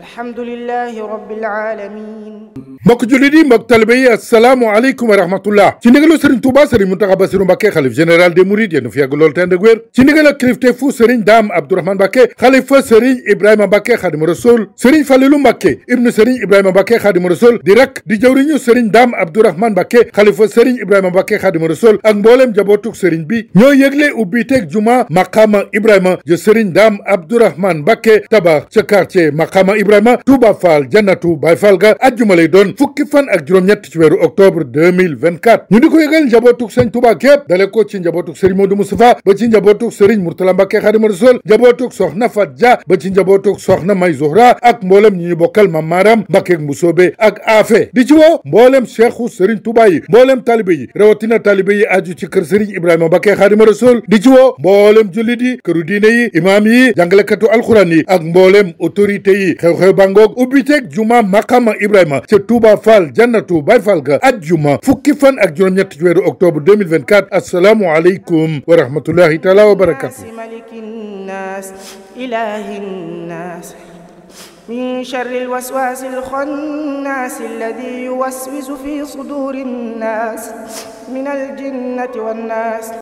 alhamdulillahi rabbil alamin mbokk jullit yi mbokk talibé yi asalaamu aleykum wa rahmatullah ci ndigalu tuba Touba sëriñ Mountakha Bassirou Mbacké xalif général des Mourides yéen fi yàgg loolu te ànd ak wér ci ndigal ak kilifteefu sëriñ Dame Abdourahmane Mbacké xalifa sëriñ Ibrahima Mbacké Khadimou Rassoul sëriñ Falilou di ibnu sëriñ Ibrahima Mbacké Khadimou daam di rak di jawriñu sëriñ Dame Abdourahmane Mbacké xalifa sëriñ Ibrahima Mbacké Khadimou Rassoul ak mbooleem jabootug sëriñ bi ñoo yëgle u teeg juma maqama Ibrahima ja sëriñ Dame Abdourahmane Mbacké tabax ca Ibrahima Touba Fall Jannatu Baye Fall ga ajjuma lay doon fukki fan ak juróom-ñett ci weeru octobre 2024 ñu di ko yëgal njabootug sëñ Touba képp dale ko ci njabootug sëriñ Modou Moustapha ba ci njabootug sëriñ Mourtala Mbacké Khadimou Rassoul njabootug soxna Fat Dia ba ci njabootug soxna May Zuhra ak mboolem ñi ñu bokkal Mam Maram Mbacké Mbousobé ak Afe di ci woo mboolem cheikhu sëriñ Touba yi mboolem talibe yi rawatina talibe yi aju ci kër sëriñ Ibrahima Mbacké Khadimou Rassoul di ci woo mboolem jullit yi këru diine yi imaam yi jàngalekatu alxuraan yi ak mboolem autorité yi xew-xew bangoog ubbiteeg juma makama ibrahima ca touba fall jannatu bay fall ga ak juma fukki fan ak juróom-ñett ci weeru octobre 2024 assalaamu aleykum wa rahmatullahi taala wa barakatu من شر الوسواس الخناس الذي يوسوس في صدور الناس من الجنة والناس